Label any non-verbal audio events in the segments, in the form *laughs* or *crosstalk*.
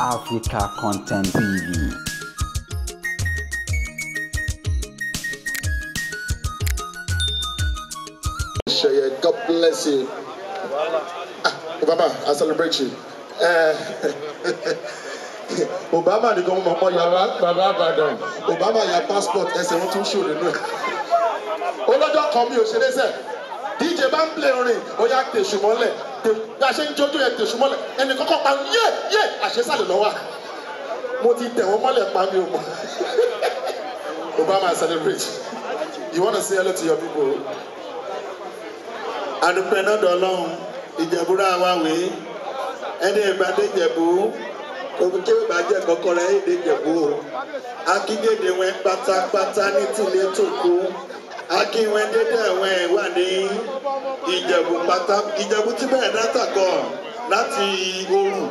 Africa Content TV. God bless you. Ah, Obama, I celebrate you. Eh, *laughs* Obama the government, Obama your passport ẹsẹ̀ wọn tún ṣòro náà. Olọ́jọ́ kan mi ò ṣe ṣe bá ń play orin ó yá tèṣù mọ́lẹ̀ bá a ṣe ń jójó yẹ tèṣù mọ́lẹ̀ ẹnì kọ́kọ́ pa yé yé àṣesàlẹ̀ lọ́wọ́ mo ti tẹ̀ wọ́n mọ́lẹ̀ pa mi o mọ́ *laughs* Obama celebrate you wanna say hello to your people. àdùpẹ́ náà dọ̀ lọ́hùn ìjẹ̀búra wa wèé ẹni ìgbàdé jẹ̀bú òkùnkè ìbàjẹ́ kọ̀kọ́rẹ́ èdè jẹ̀bú o akíndéde wọn pátápátá ní tìlé tó kú akínwéndé dẹ̀wẹ̀ wà ní ìjẹ̀bú pátá ìjẹ̀bú tí bẹ́ẹ̀ dátàkọ̀ láti oòrùn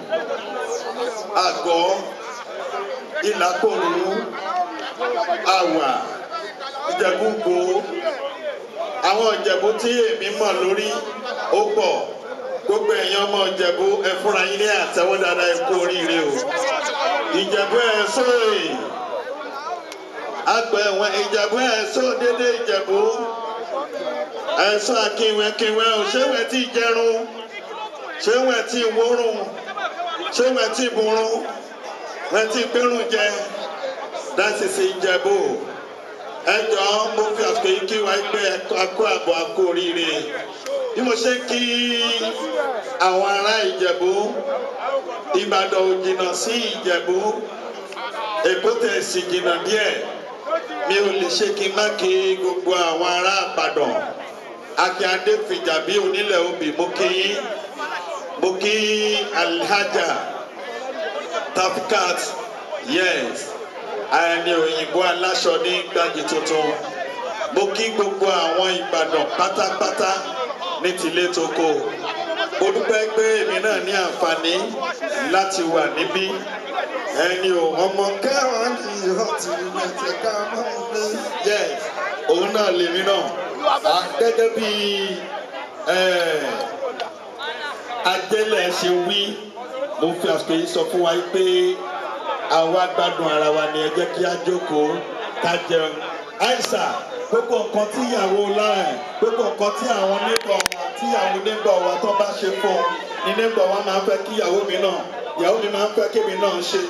àgọ́ ìlàkọ̀ọ̀rù àwà ìjẹ̀bú go àwọn ìjẹ̀bú tí èmi mọ̀ lórí ó pọ̀ gbogbo ẹ̀yin ọmọ ìjẹ̀bú ẹ fúnra yín ní àtẹ́wọ́ dáadáa ẹ oríire o ìjẹ̀bú ẹ̀ sóòrè apẹ̀wọ̀n ìjẹ̀bú ẹ̀sọ́ dédé ìjẹ̀bú ẹ̀sọ́ akínwẹ̀kínwẹ̀ ò ṣéwẹ̀ tí jẹrun ṣéwẹ̀ tí wórun ṣéwẹ̀ tí burun wẹ̀ tí gbérun jẹ dasisi ìjẹ̀bú ẹjọ́ mo fi àsìkò yìí kí wa gbé akó àbọ̀ akó oríire bí mo ṣe kí àwọn ará ìjẹ̀bú ìbàdàn ò jìnnà sí ìjẹ̀bú èkó tẹ̀ sì jìnnà díẹ̀ mi ò lè ṣe kí n má kí gbogbo àwọn ará àbàdàn akin adéfìjà bí onílẹ̀ obì mo kí mo kí alhaja tafkat yes àyànní òyìnbó aláṣọ ní gbági tuntun mo kí gbogbo àwọn ìbàdàn pátápátá ní tìlé mo dúpẹ́ pé èmi náà ní àǹfààní láti wà níbí ẹni ò ọmọ kẹwọn ní ìhọtì ìrìnàjò ká mọ́ mi. yẹ òun náà lèmi náà gẹ́gẹ́ bí ajẹ́lẹ̀ ṣe wí mo fi àsìkò yìí sọ fún wa pé àwa gbádùn ara wa ni ẹ jẹ́ kí a jókòó ká jẹun àìsàn gbogbo nǹkan tí ìyàwó lára ẹ̀ gbogbo nǹkan tí àwọn neighbor wa tí àwọn neighbor wa tó bá ṣe fún un ni neighbor wa máa fẹ́ kí ìyàwó mi náà ìyàwó mi máa fẹ́ kémi náà ṣe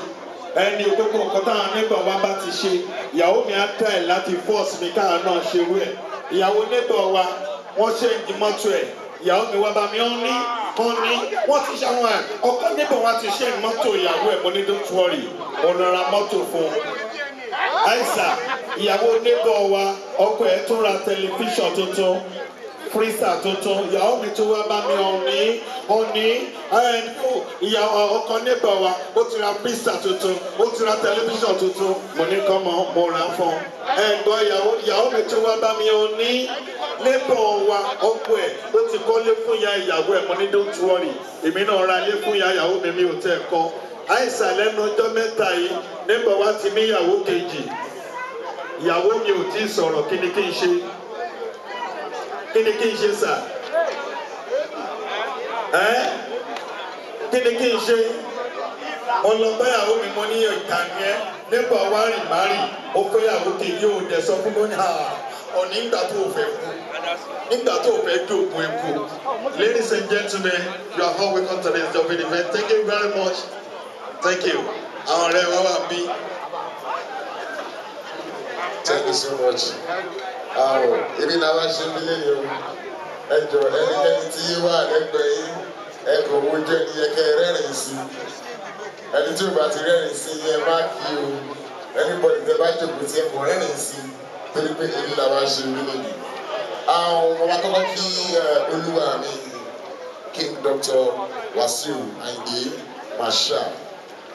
ẹni gbogbo nǹkan táwọn neighbor wa bá ti ṣe ìyàwó mi á tẹ̀ láti force mi káà náà ṣe rú ẹ̀ ìyàwó neighbor wa wọ́n ṣe ìmọ̀tò ẹ̀ ìyàwó mi wá bá mi ń ní kan ní wọ́n ti ṣe àwọn ẹ̀ ọkọ níbẹ̀ wá ti ṣe mọ́tò ìyàwó ẹ̀ mo ní don't worry ra mọ́tò fún un ìyàwó nébọ̀ wa ọkọ ẹ̀ tún ra tẹlifíṣàn tuntun fírísà tuntun ìyàwó mi tó wá bá mi òní òní ẹnfù ìyàwó ọkọ nébọ̀ wa ó ti ra fírísà tuntun ó ti ra tẹlifíṣàn tuntun mo ní kọ́ mọ́ mo rà fún ẹ gbọ́ ìyàwó ìyàwó mi tó wá bá mi òní nébọ̀ wa ọkọ ẹ̀ ó ti kọ́lé fún ya ìyàwó ẹ̀ mo ní don't worry èmi náà ra ilé fún ya ìyàwó mi mi ò tẹ̀ kọ́ àìsàn lẹ́nu ọjọ́ mẹ́ta yìí nébọ̀ wa ti níyàwó kejì ìyàwó mi ò tí sọ̀rọ̀ kí kí n ṣe kí kí n ṣe sà ẹ kí kí n ṣe mo lọ mi mo ní ìkànnì nípa wá rìn má rìn ó kejì ò dẹ̀ sọ fún lónìí àá ọ̀ní ìgbà tó o fẹ́ kú nígbà tó o fẹ́ dé òkú epo ladies and gentlemen you are all welcome to this job event thank you very much thank you àwọn ọ̀rẹ́ wa wà bí so much. Àwọn èmi náà wá ṣe nílé yìí o. Ẹ jọ ẹnikẹ́ni tí yín wà lẹ́gbẹ̀ẹ́ yín. Ẹ kò wo jẹ́ ní ẹ̀kẹ́ rẹ́rìn sí. Ẹni tí ò bá ti rẹ́rìn sí yẹn má kí o. Anybody tẹ bá jòkó tí ẹ kò rẹ́rìn sí. Torí pé èmi náà wá ṣe nílé yìí. Àwọn ọmọ wa kọ́kọ́ kí olúwa mi King Dr. Wasiu Ayinde Mashal.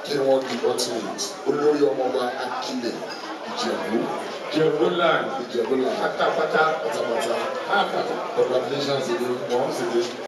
kí wọ́n di ultimate olórí ọmọọba akílẹ̀ ìjẹ̀bú Jebolan. Jebolan. Patapata. Patapata. Ah, patapata. Congratulations again once again.